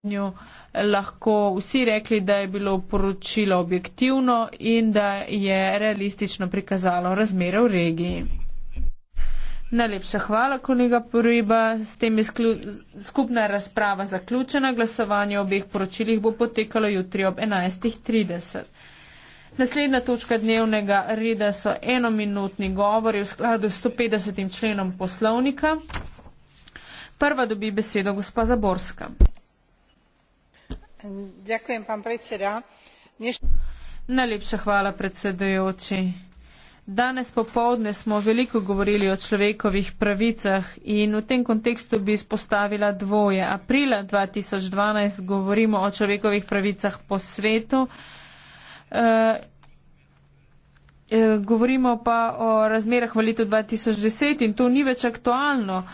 stanju lahko vsi rekli, da je bilo poročilo objektivno in da je realistično prikazalo razmere v regiji. Najlepša hvala, kolega Poriba. S tem je skupna razprava zaključena. Glasovanje o obeh poročilih bo potekalo jutri ob 11.30. Naslednja točka dnevnega reda so enominutni govori v skladu s 150. členom poslovnika. Prva dobi besedo gospa Zaborska. Najlepša hvala, predsedujoči. Danes popovdne smo veliko govorili o človekovih pravicah in v tem kontekstu bi izpostavila dvoje. Aprila 2012 govorimo o človekovih pravicah po svetu. Eh, eh, govorimo pa o razmerah v letu 2010 in to ni več aktualno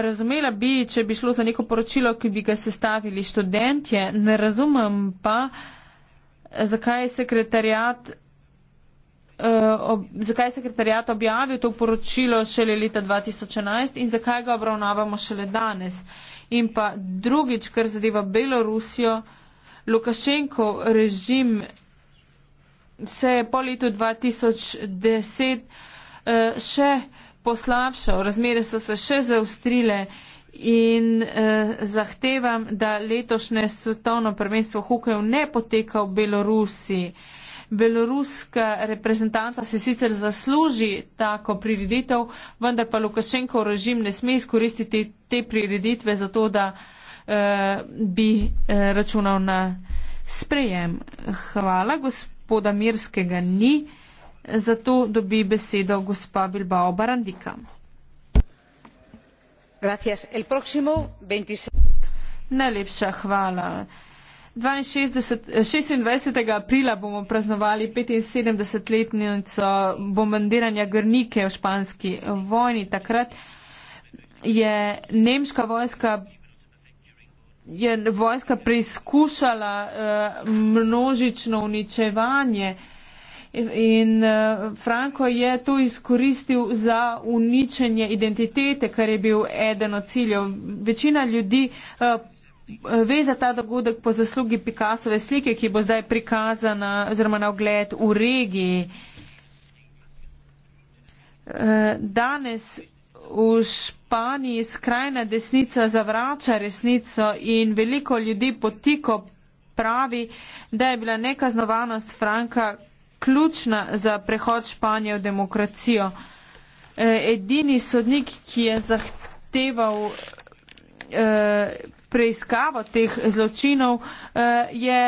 razumela bi, če bi šlo za neko poročilo, ki bi ga sestavili študentje, ne razumem pa, zakaj je sekretarijat. Eh, ob, zakaj je sekretarijat objavil to poročilo šele leta 2011 in zakaj ga obravnavamo šele danes. In pa drugič, kar zadeva Belorusijo, Lukašenko režim se je po letu 2010 eh, še poslabšal, razmere so se še zaustrile in eh, zahtevam, da letošnje svetovno prvenstvo hokejev ne poteka v Belorusiji. Beloruska reprezentanta si sicer zasluži tako prireditev, vendar pa Lukašenko režim ne sme izkoristiti te prireditve za to, da eh, bi eh, računal na sprejem. Hvala, gospoda Mirskega ni. Zato dobi besedo gospa Bilbao Barandika. El próximo 26... Najlepša hvala. 62, 26. Eh, aprila bomo praznovali 75-letnico bombardiranja Grnike v španski vojni. Takrat je nemška vojska, je vojska preizkušala uh, množično uničevanje uh, in eh, Franko je to izkoristil za uničenje identitete, kar je bil eden od ciljev. Večina ljudi eh, ve za ta dogodek po zaslugi Picassove slike, ki bo zdaj prikazana oziroma na ogled v regiji. Eh, danes v Španiji skrajna desnica zavrača resnico in veliko ljudi potiko pravi, da je bila nekaznovanost Franka ključna za prehod Španije v demokracijo. E, edini sodnik, ki je zahteval e, preiskavo teh zločinov, e, je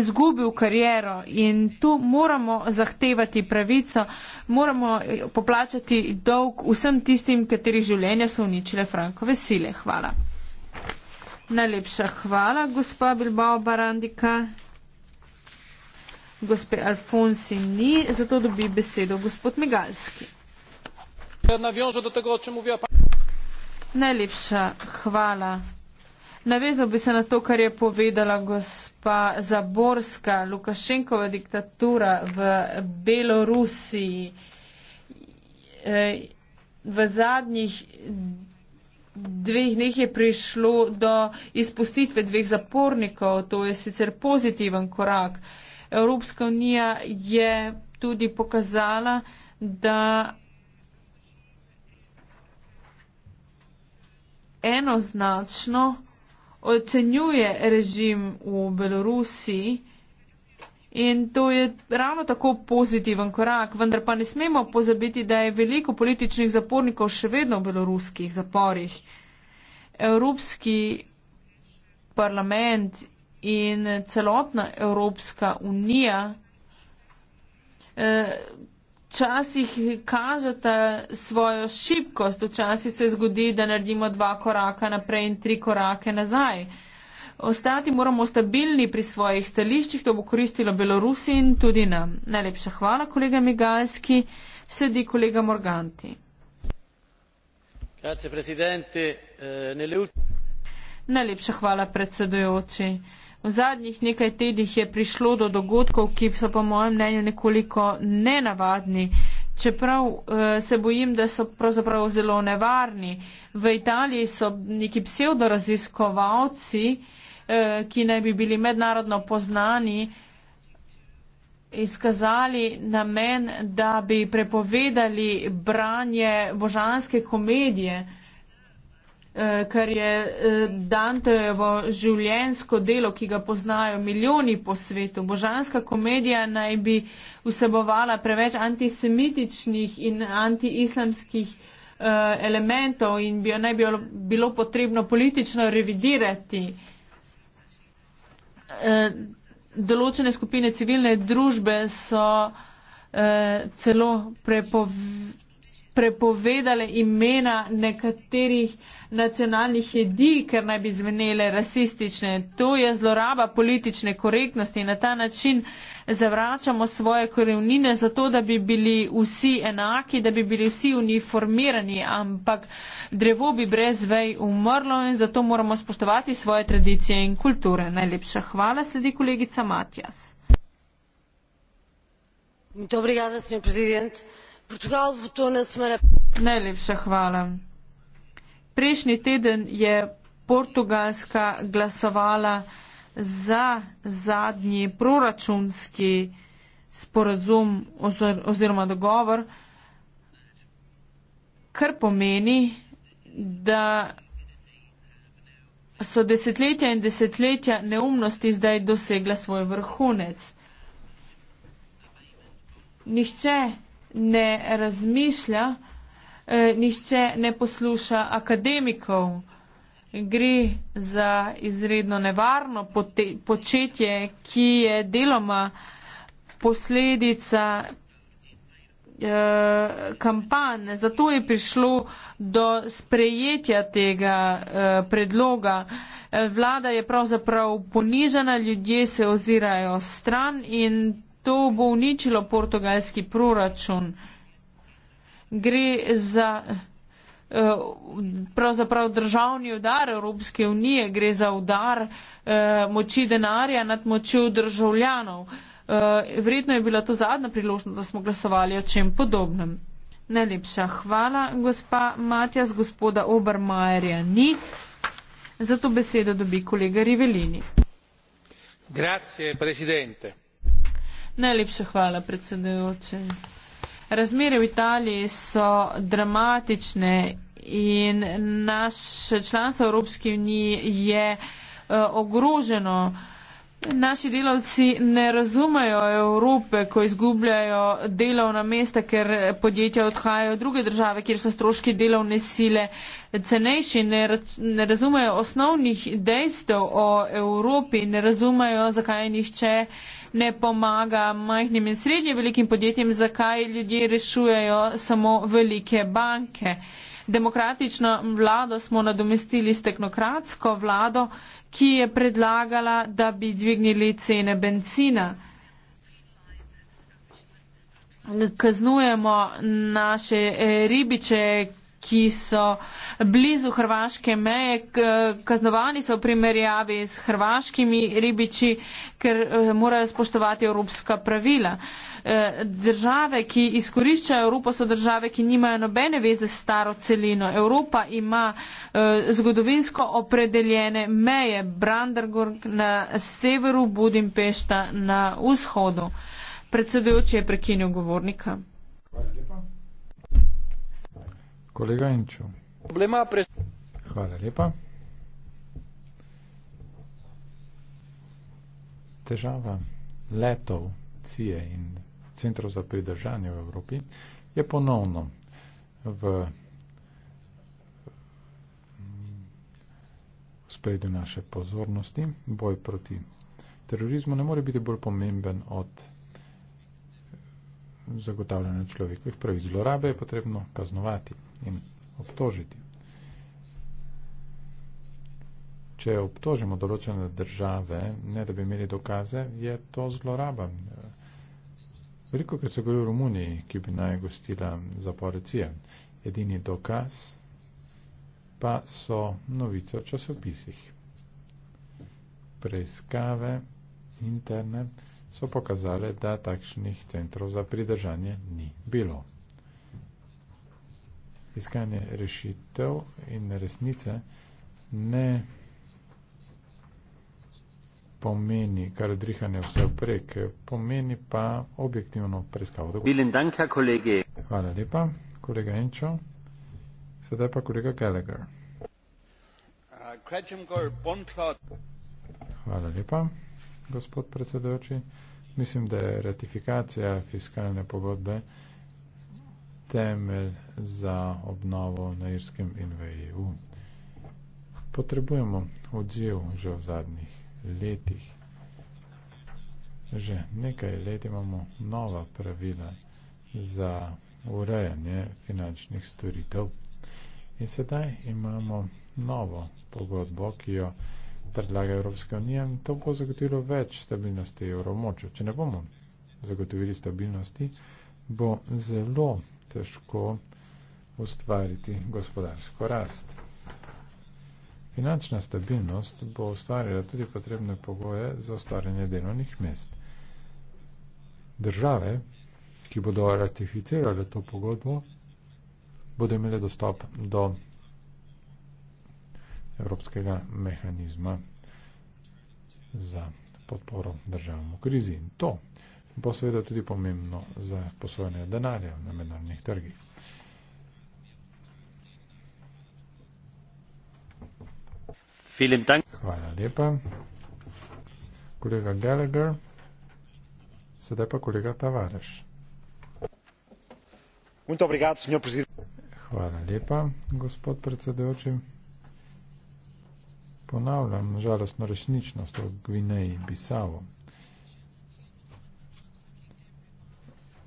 izgubil kariero in tu moramo zahtevati pravico, moramo poplačati dolg vsem tistim, katerih življenja so uničile Frankove sile. Hvala. Najlepša hvala, gospa Bilbao Barandika gospe Alfonsi ni, zato dobi besedo gospod Migalski. Ja Navežem do tega, o čem mluvijo. Najlepša hvala. Navezal bi se na to, kar je povedala gospa Zaborska, Lukašenkova diktatura v Belorusiji. V zadnjih dveh dneh je prišlo do izpustitve dveh zapornikov, to je sicer pozitiven korak. Evropska unija je tudi pokazala, da enoznačno ocenjuje režim v Belorusiji in to je ravno tako pozitiven korak, vendar pa ne smemo pozabiti, da je veliko političnih zapornikov še vedno v beloruskih zaporih. Evropski parlament in celotna Evropska unija eh, včasih kažeta svojo šibkost, včasih se zgodi, da naredimo dva koraka naprej in tri korake nazaj. Ostati moramo stabilni pri svojih stališčih, to bo koristilo Belorusi in tudi nam. Najlepša hvala, kolega Migalski. Sedi kolega Morganti. Eh, Najlepša hvala, predsedujoči. V zadnjih nekaj tednih je prišlo do dogodkov, ki so po mojem mnenju nekoliko nenavadni, čeprav uh, se bojim, da so pravzaprav zelo nevarni. V Italiji so neki pseudoraziskovalci, uh, eh, ki naj bi bili mednarodno poznani, izkazali namen, da bi prepovedali branje božanske komedije. Uh, Eh, kar je eh, Dantejevo življensko delo, ki ga poznajo milijoni po svetu. Božanska komedija naj bi vsebovala preveč antisemitičnih in antiislamskih eh, elementov in bi jo naj bi bilo potrebno politično revidirati. Določene skupine civilne družbe so celo prepovedali prepovedale imena nekaterih nacionalnih jedi, ker naj bi zvenele rasistične. To je zloraba politične korektnosti in na ta način zavračamo svoje korenine za to, da bi bili vsi enaki, da bi bili vsi uniformirani, ampak drevo bi brez vej umrlo in zato moramo spoštovati svoje tradicije in kulture. Najlepša hvala, sledi kolegica Matjas. Dobrega, da sem predsednik. Portugal v to ne sme. Najlepša hvala. Prejšnji teden je Portugalska glasovala za zadnji proračunski sporazum oziroma dogovor, kar pomeni, da so desetletja in desetletja neumnosti zdaj dosegla svoj vrhunec. Nihče ne razmišlja, eh, nišče ne posluša akademikov. Gre za izredno nevarno početje, ki je deloma posledica eh, kampanj. Zato je prišlo do sprejetja tega eh, predloga. Vlada je pravzaprav ponižena, ljudje se ozirajo stran in To bo uničilo portugalski proračun. Gre za eh, pravzaprav državni udar Evropske unije, gre za udar eh, moči denarja nad močjo državljanov. Eh, Vredno je bila to zadnja priložnost, da smo glasovali o čem podobnem. Najlepša hvala, gospa Matjas, gospoda Obermajerja ni. Zato besedo dobi kolega Rivelini. Grazie, predsednik. Najlepša hvala, predsedujoče. Razmere v Italiji so dramatične in naše članstvo Evropske unije je e, ogroženo. Naši delavci ne razumejo Evrope, ko izgubljajo delovna mesta, ker podjetja odhajajo v druge države, kjer so stroški delovne sile cenejši. Ne, ne razumejo osnovnih dejstev o Evropi, ne razumejo, zakaj nihče uh, ne pomaga majhnim in srednje velikim podjetjem, zakaj ljudje rešujejo samo velike banke. Demokratično vlado smo nadomestili s teknokratsko vlado, ki je predlagala, da bi dvignili cene benzina. Kaznujemo naše eh, ribiče, ki so blizu hrvaške meje, kaznovani so v primerjavi s hrvaškimi ribiči, ker eh, morajo spoštovati evropska pravila. Eh, države, ki izkoriščajo Evropo, so države, ki nimajo nobene veze s staro celino. Evropa ima eh, zgodovinsko opredeljene meje, Brandenburg na severu, Budimpešta na vzhodu. Predsedujoči je prekinil govornika. Hvala. Kolega Enču. Hvala lepa. Težava letov CIE in Centrov za pridržanje v Evropi je ponovno v spredju naše pozornosti. Boj proti terorizmu ne more biti bolj pomemben od zagotavljanja človekovih pravic. Zlorabe je potrebno kaznovati im obtožiti. Če obtožimo določene države, ne da bi imeli dokaze, je to zloraba. Veliko krat se govori o Romuniji, ki bi naj gostila zaporecije. Edini dokaz pa so novice v časopisih. Preiskave interne so pokazale, da takšnih centrov za pridržanje ni bilo iskanje rešitev in resnice ne pomeni kar odrihanje vse vprek, pomeni pa objektivno preiskavo. Hvala lepa, kolega Enčo. Sedaj pa kolega Gallagher. Hvala lepa, gospod predsedujoči. Mislim, da je ratifikacija fiskalne pogodbe temelj za obnovo na Irskem in v EU. Potrebujemo odziv že v zadnjih letih. Že nekaj let imamo nova pravila za urejanje finančnih storitev in sedaj imamo novo pogodbo, ki jo predlaga Evropska unija in to bo zagotovilo več stabilnosti evromoču. Če ne bomo zagotovili stabilnosti, bo zelo težko ustvariti gospodarsko rast. Finančna stabilnost bo ustvarjala tudi potrebne pogoje za ustvarjanje delovnih mest. Države, ki bodo ratificirale to pogodbo, bodo imele dostop do evropskega mehanizma za podporo državam v krizi. In to bo seveda tudi pomembno za posojanje denarja na mednarodnih trgih. Hvala lepa. Kolega Gallagher, sedaj pa kolega Tavares. Hvala lepa, gospod predsedujoči. Ponavljam žalostno resničnost o Gvineji Bisavo.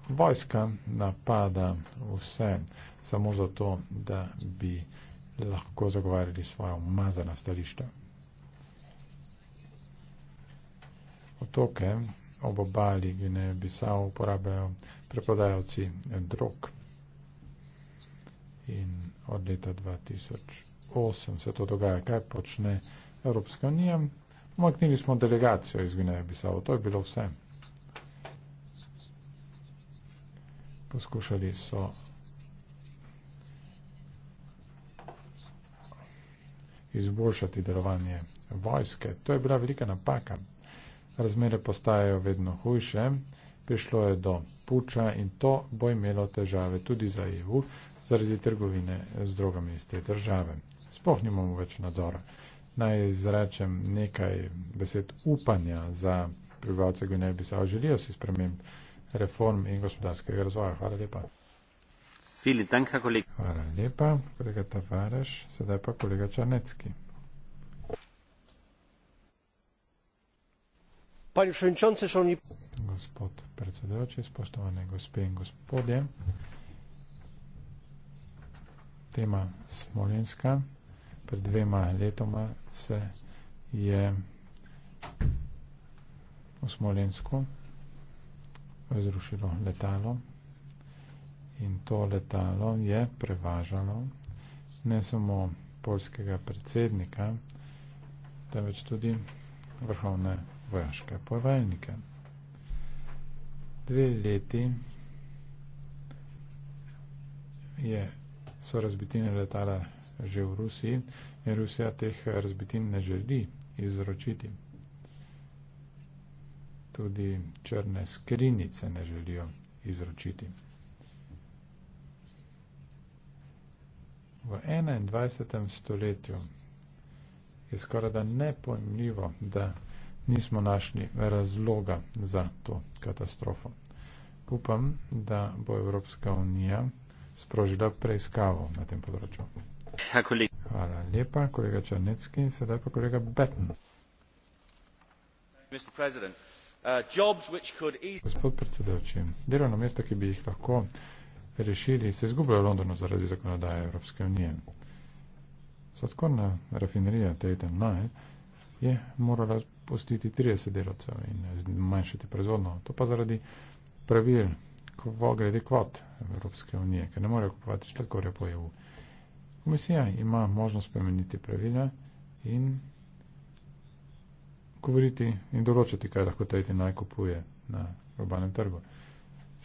vojska napada vse samo zato, da bi lahko zagovarjali svoje umazana stališča. Otoke ob obali Gineje Bisao uporabljajo preprodajalci drog in od leta 2008 se to dogaja, kaj počne Evropska unija. Umaknili smo delegacijo iz Gineje Bisao, to je bilo vse. poskušali so izboljšati delovanje vojske. To je bila velika napaka. Razmere postajajo vedno hujše, prišlo je do puča in to bo imelo težave tudi za EU zaradi trgovine z drogami iz te države. Sploh nimamo več nadzora. Naj izrečem nekaj besed upanja za prebivalce Gvineje Bisao. Želijo si spremembe reform in gospodarskega razvoja. Hvala lepa. Hvala lepa, kolega Tavares, sedaj pa kolega Črnecki. Gospod predsedojoči, spoštovane gospe in gospodje, tema Smolenska. Pred dvema letoma se je v Smolensku zrušilo letalo in to letalo je prevažalo ne samo polskega predsednika, temveč tudi vrhovne vojaške povajalnike. Dve leti je, so razbitine letala že v Rusiji in Rusija teh razbitin ne želi izročiti tudi črne skrinice ne želijo izročiti. V 21. stoletju je skoraj da nepojmljivo, da nismo našli razloga za to katastrofo. Upam, da bo Evropska unija sprožila preiskavo na tem področju. Ja, Hvala lepa, kolega Črnecki, sedaj pa kolega Betten. Uh, Gospod predsedavči, delovno mesto, ki bi jih lahko rešili, se izgubljajo v Londonu zaradi zakonodaje Evropske unije. Sladkorna rafinerija Tate Nile je morala postiti 30 delovcev in zmanjšati proizvodno. To pa zaradi pravil kvo, glede kvot Evropske unije, ker ne morejo kupovati sladkorja po EU. Komisija ima možnost spremeniti pravila in govoriti in določiti, kaj lahko tajti naj kupuje na globalnem trgu.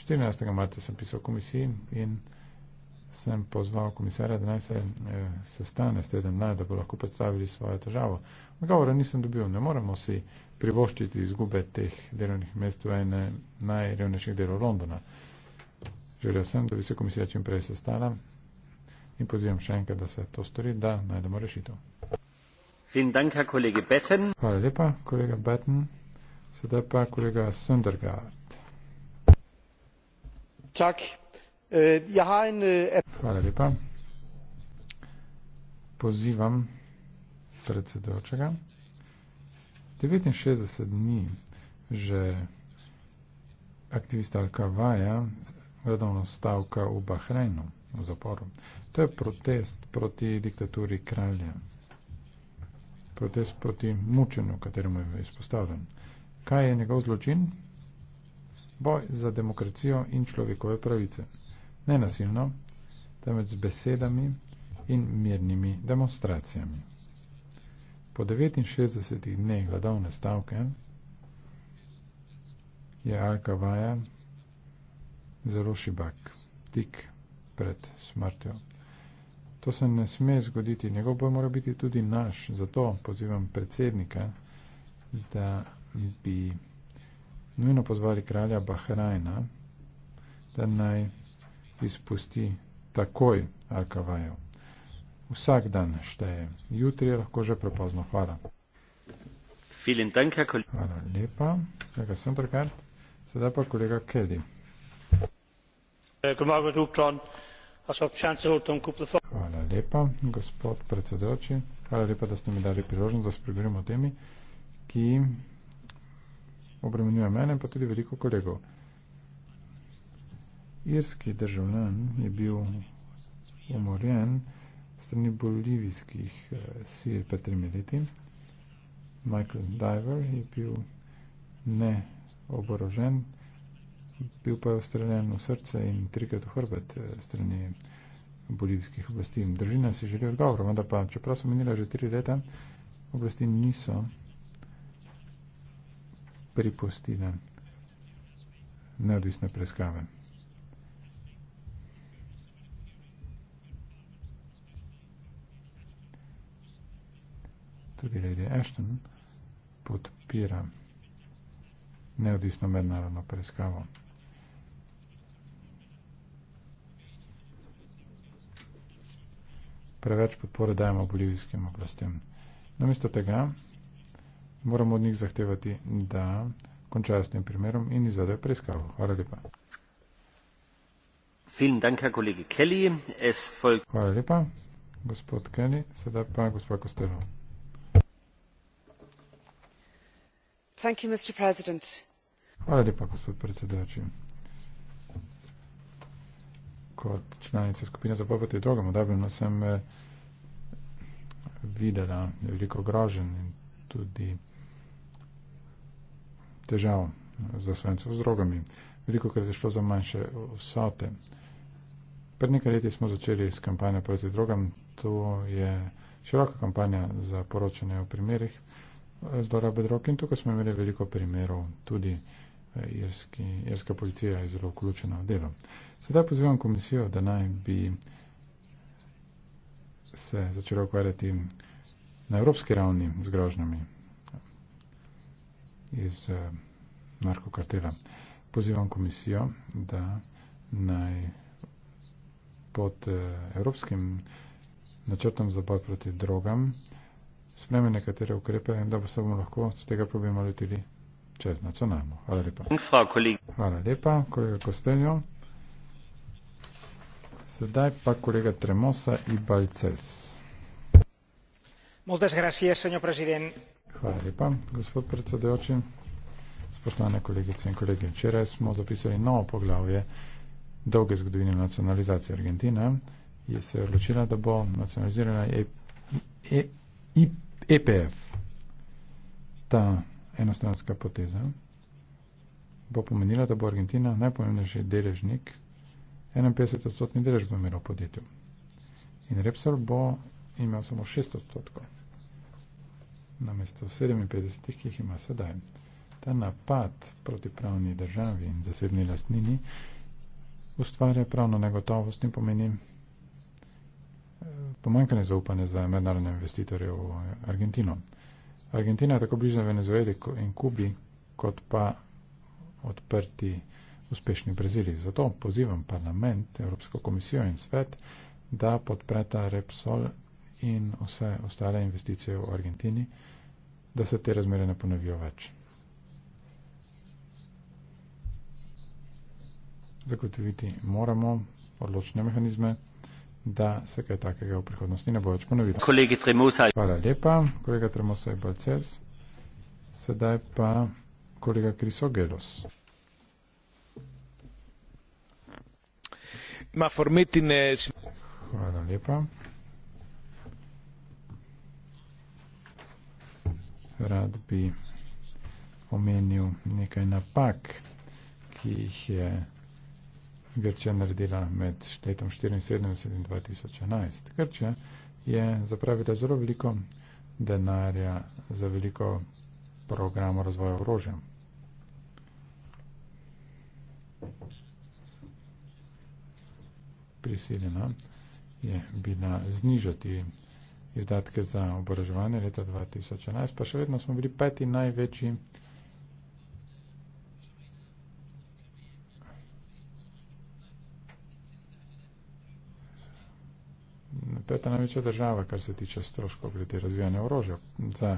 14. marca sem pisal komisiji in sem pozval komisarja, da naj se eh, sestane s teden naj, da bo lahko predstavili svojo težavo. Odgovora nisem dobil. Ne moremo si privoščiti izgube teh delovnih mest v ene najrevnejših delov Londona. Želel sem, da bi se komisija čim prej sestala in pozivam še enkrat, da se to stori, da najdemo rešitev. Hvala lepa, kolega Betten. Sedaj pa kolega Sundergaard. Eh, eh, Hvala lepa. Pozivam predsedočega. 69 dni že aktivista Al-Kawaja redovno stavka v Bahrajnu, v zaporu. To je protest proti diktaturi kralja protest proti mučenju, kateremu je izpostavljen. Kaj je njegov zločin? Boj za demokracijo in človekove pravice. Ne nasilno, temveč z besedami in mirnimi demonstracijami. Po 69 dneh vladavne stavke je Al-Kawaja zelo šibak, tik pred smrtjo. To se ne sme zgoditi. Njegov boj mora biti tudi naš. Zato pozivam predsednika, da bi nujno pozvali kralja Bahrajna, da naj izpusti takoj Arkavajev. Vsak dan šteje. Jutri je lahko že prepozno. Hvala. Hvala lepa. Tega sem prekrat. Sedaj pa kolega Kelly. Hvala. Eh, lepa, gospod predsedoči. Hvala lepa, da ste mi dali priložnost, da spregovorim o temi, ki obremenjuje mene, pa tudi veliko kolegov. Irski državljan je bil umorjen strani bolivijskih eh, sil pred tremi leti. Michael Diver je bil neoborožen, bil pa je ustreljen v srce in trikrat v hrbet eh, strani. Eh, bolivskih oblasti. Držina si želi odgovor, vendar pa, čeprav so menila že tri leta, oblasti niso pripustile neodvisne preiskave. Tudi Lady Ashton podpira neodvisno mednarodno preiskavo. preveč podpore dajemo bolivijskim oblastem. Namesto tega moramo od njih zahtevati, da končajo s tem primerom in izvedejo preiskavo. Hvala lepa. Hvala lepa, gospod Kelly. Sedaj pa gospod Kostelo. Hvala lepa, gospod predsedujoči kot članica skupine za boj proti drogam, da bi sem eh, videla veliko grožen in tudi težav za slovence z drogami. Veliko krat je šlo za manjše vsote. Pred nekaj leti smo začeli s kampanjo proti drogam. To je široka kampanja za poročanje o primerih zlorabe drog in tukaj smo imeli veliko primerov tudi irski, irska policija je zelo vključena v delo. Sedaj pozivam komisijo, da naj bi se začela ukvarjati na evropski ravni z grožnjami iz eh, narkokartela. Pozivam komisijo, da naj pod eh, evropskim načrtom za boj proti drogam spreme nekatere ukrepe, da bo se bomo lahko z tega problema lotili čez nacionalno. Hvala lepa. Hvala lepa, kolega Kostenjo. Sedaj pa kolega Tremosa in Balcels. Hvala lepa, gospod predsedojoči. Spoštovane kolegice in kolege, včeraj smo zapisali novo poglavje dolge zgodovine nacionalizacije Argentine. Je se odločila, da bo nacionalizirana EPF. E, e, e, e, e, e, e, e, enostranska poteza, bo pomenila, da bo Argentina najpomembnejši deležnik, 51-odstotni delež bo imel v podjetju. In Repsol bo imel samo 6 odstotkov, namesto 57, ki jih ima sedaj. Ta napad proti pravni državi in zasebni lastnini ustvarja pravno negotovost in pomeni eh, pomankanje zaupanja za mednarodne investitorje v Argentino. Argentina je tako bližna Venezueli in Kubi, kot pa odprti uspešni Braziliji. Zato pozivam parlament, Evropsko komisijo in svet, da podpreta Repsol in vse ostale investicije v Argentini, da se te razmere ne ponovijo več. Zagotoviti moramo odločne mehanizme da se kaj takega v prihodnosti ne bo več ponovilo. Kolegi Tremusa. Hvala lepa, kolega Tremusa je Balcers. Sedaj pa kolega Krisogelos. Ma formetine. Hvala lepa. Rad bi omenil nekaj napak, ki jih je Grčija naredila med letom 1974 in 2011. Grčija je zapravila zelo veliko denarja za veliko programo razvoja orožja. Prisiljena je bila znižati izdatke za oboraževanje leta 2011, pa še vedno smo bili peti največji. peta največja država, kar se tiče stroškov glede razvijanja orožja za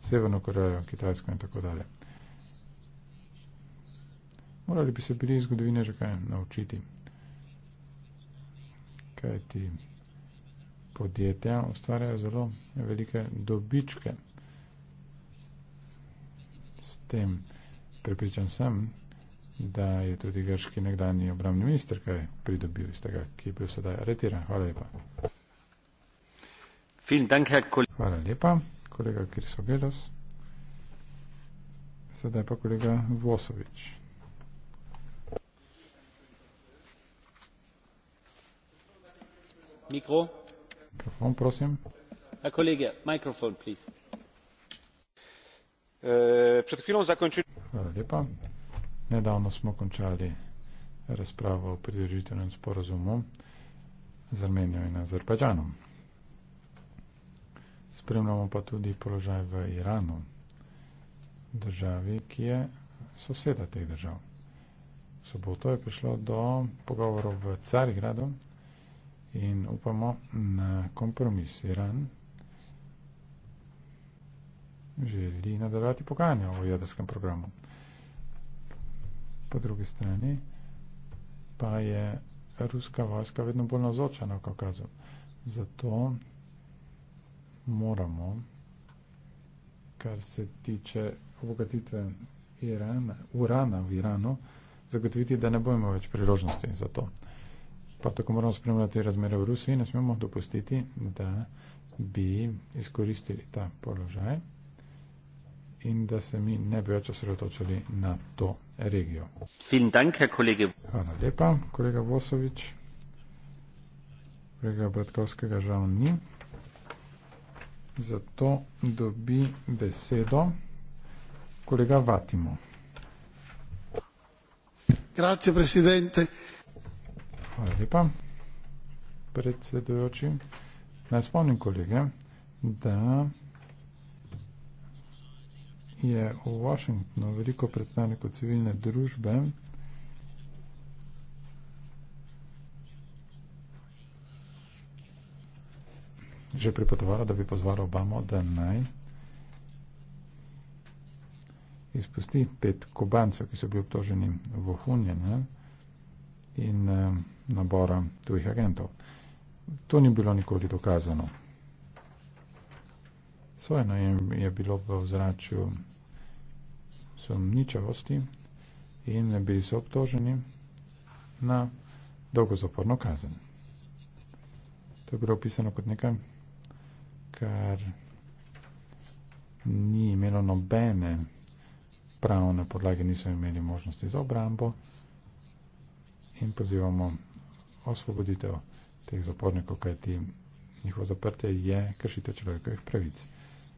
Severno Korejo, Kitajsko in tako dalje. Morali bi se bili iz zgodovine že kaj naučiti, kaj ti podjetja ustvarjajo zelo velike dobičke. S tem prepričan sem, da je tudi grški nekdani obramni minister kaj pridobil iz tega, ki je bil sedaj aretiran. Hvala lepa. Hvala lepa, kolega Kirsogelos. Sedaj pa kolega Vosovič. Mikro. Mikrofon, prosim. A kolege, mikrofon, please. E, pred hvilom zakončili. Hvala lepa. Nedavno smo končali razpravo o pridružitvenem sporazumu z Armenijo in Azerbajdžanom. Spremljamo pa tudi položaj v Iranu, državi, ki je soseda teh držav. V soboto je prišlo do pogovorov v Carigradu in upamo na kompromis. Iran želi nadaljevati pogajanja o jedrskem programu. Po drugi strani pa je ruska vojska vedno bolj nazočena v Kaukazu. Zato moramo, kar se tiče obogatitve Irana, urana v Iranu, zagotoviti, da ne bomo imeli več priložnosti za to. Pa tako moramo spremljati razmere v Rusiji, ne smemo dopustiti, da bi izkoristili ta položaj in da se mi ne bi več osredotočili na to regijo. Dank, Hvala lepa, kolega Vosovič. Kolega Bratkovskega žal ni zato dobi besedo kolega Vatimo. Grazie, presidente. Hvala lepa, predsedujoči. Naj spomnim kolege, da je v Washingtonu veliko predstavnikov civilne družbe že pripotovala, da bi pozvala Obamo, da naj izpusti pet kubancev, ki so bili obtoženi v ohunjenje in eh, nabora tujih agentov. To ni bilo nikoli dokazano. Sojeno je, je bilo v ozračju sumničavosti in bili so obtoženi na dolgozaporno kazen. To je bilo opisano kot nekaj kar ni imelo nobene pravne podlage, niso imeli možnosti za obrambo in pozivamo osvoboditev teh zapornikov, kajti njihovo zaprtje je kršitev človekovih pravic.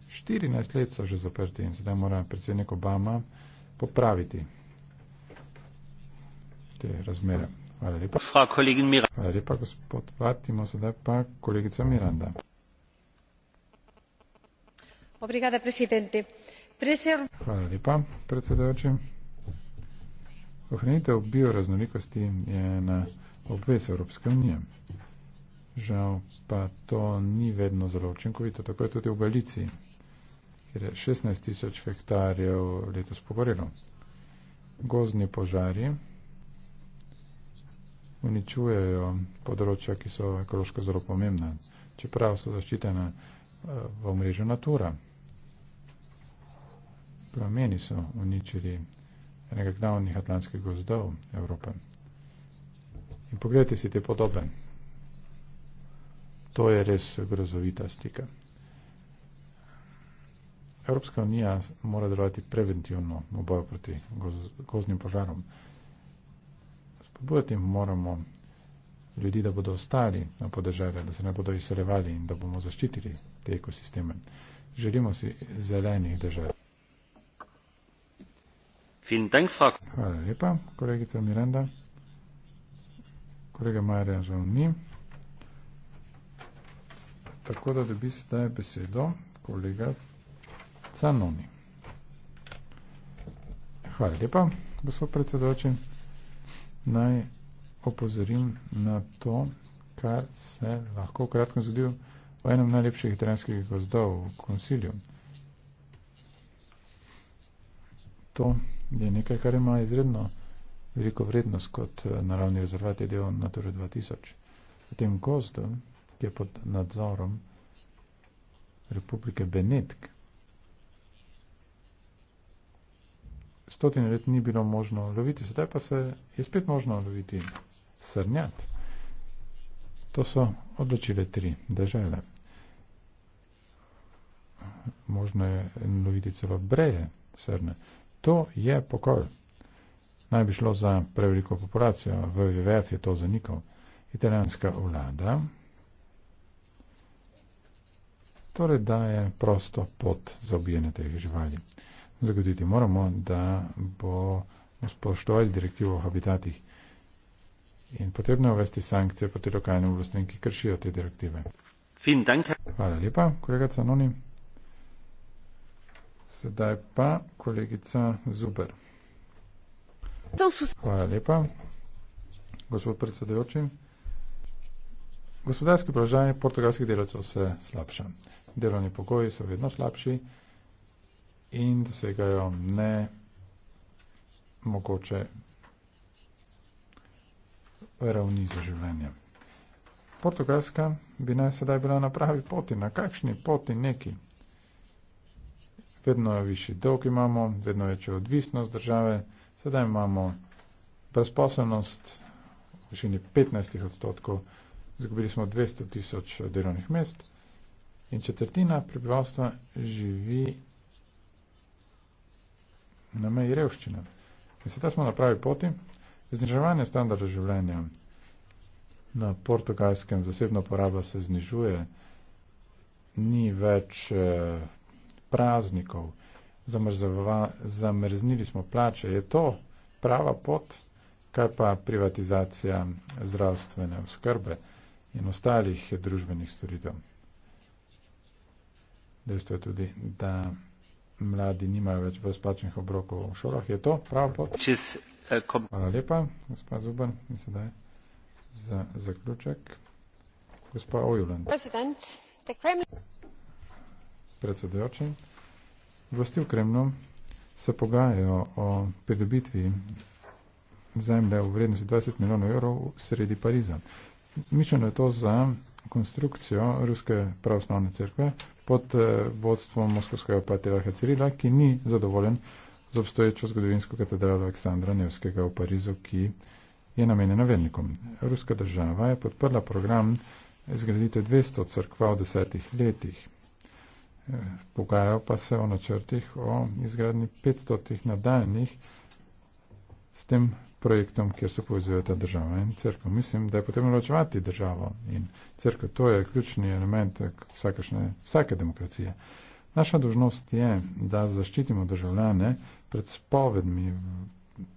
14 let so že zaprti in sedaj mora predsednik Obama popraviti te razmere. Hvala lepa. Hvala lepa, gospod Vartimo, sedaj pa kolegica Miranda. Hvala lepa, predsedujoči. Ohranitev bioraznolikosti je na obvez Evropske unije. Žal pa to ni vedno zelo učinkovito. Tako je tudi v Galiciji, kjer je 16 tisoč hektarjev letos pogorelo. Gozni požari uničujejo področja, ki so ekološko zelo pomembna, čeprav so zaščitena eh, v omrežju Natura plameni so uničili enega glavnih atlantskih gozdov Evrope. In pogledajte si te podobe. To je res grozovita slika. Evropska unija mora delovati preventivno v boju proti goz, goznim požarom. Spodbujati moramo ljudi, da bodo ostali na podeželju, da se ne bodo izselevali in da bomo zaščitili te ekosisteme. Želimo si zelenih držav. Hvala lepa, kolegica Miranda. Kolega Marja žal ni. Tako da dobi zdaj besedo kolega Canoni. Hvala lepa, gospod predsedoči. Naj opozorim na to, kar se lahko v kratkem zgodi v enem najlepših italijanskih gozdov v konsilju. To je nekaj, kar ima izredno veliko vrednost kot eh, naravni rezervat je del Nature 2000. V tem gozdu, ki je pod nadzorom Republike Benetk, stotine let ni bilo možno loviti, sedaj pa se je spet možno loviti srnjat. To so odločile tri države. Možno je loviti celo breje srne. To je pokol. Naj bi šlo za preveliko populacijo. WWF je to zanikal. Italijanska vlada. Torej daje prosto pot za ubijanje teh živali. Zagoditi moramo, da bomo spoštovali direktivo o habitatih. In potrebno je uvesti sankcije proti lokalnim vlastnikom, ki kršijo te direktive. Hvala lepa, kolega Canoni. Sedaj pa kolegica Zuber. Hvala lepa. Gospod predsedujoči. Gospodarski položaj portugalskih delavcev se slabša. Delovni pogoji so vedno slabši in dosegajo ne mogoče ravni za življenje. Portugalska bi naj sedaj bila na pravi poti, na kakšni poti neki vedno višji dolg imamo, vedno večjo odvisnost države, sedaj imamo brezposobnost v višini 15 odstotkov, izgubili smo 200 tisoč delovnih mest in četrtina prebivalstva živi na meji revščine. In sedaj smo na pravi poti. Zniževanje standarda življenja na portugalskem zasebno poraba se znižuje, ni več eh, praznikov, zamrznili smo plače. Je to prava pot, kaj pa privatizacija zdravstvene oskrbe in ostalih družbenih storitev? Dejstvo je tudi, da mladi nimajo več brezplačnih obrokov v šolah. Je to prava pot? Eh, Hvala lepa, gospod Zuban, in sedaj za zaključek. Gospod Ojulan. President, the Kremlin predsedojočim, vlasti v Kremlju se pogajajo o pridobitvi zemlje v vrednosti 20 milijonov evrov v sredi Pariza. Mišljeno je to za konstrukcijo Ruske pravoslavne cerkve pod eh, vodstvom Moskovskega patriarha Cirila, ki ni zadovoljen z obstoječo zgodovinsko katedralo Aleksandra Nevskega v Parizu, ki je namenjena vernikom. Ruska država je podprla program izgraditev 200 crkva v desetih letih. Pogajajo pa se o načrtih o izgradnji 500 nadaljnih s tem projektom, kjer se povezuje ta država in crkva. Mislim, da je potrebno ločevati državo in crkvo. To je ključni element vsakešne, vsake demokracije. Naša dožnost je, da zaščitimo državljane pred spovedmi,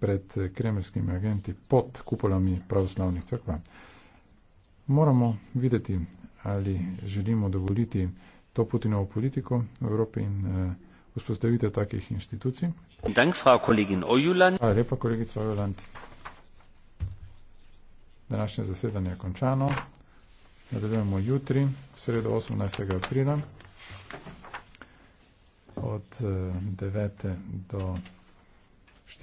pred kremerskimi agenti, pod kupolami pravoslavnih crkva. Moramo videti, ali želimo dovoliti to Putinovo politiko v Evropi in uh, vzpostavitev takih institucij. Dank, Hvala lepa, kolegica Ojuland. Današnje zasedanje je končano. Nadaljujemo jutri, sredo 18. aprila od 9. Eh, do 10.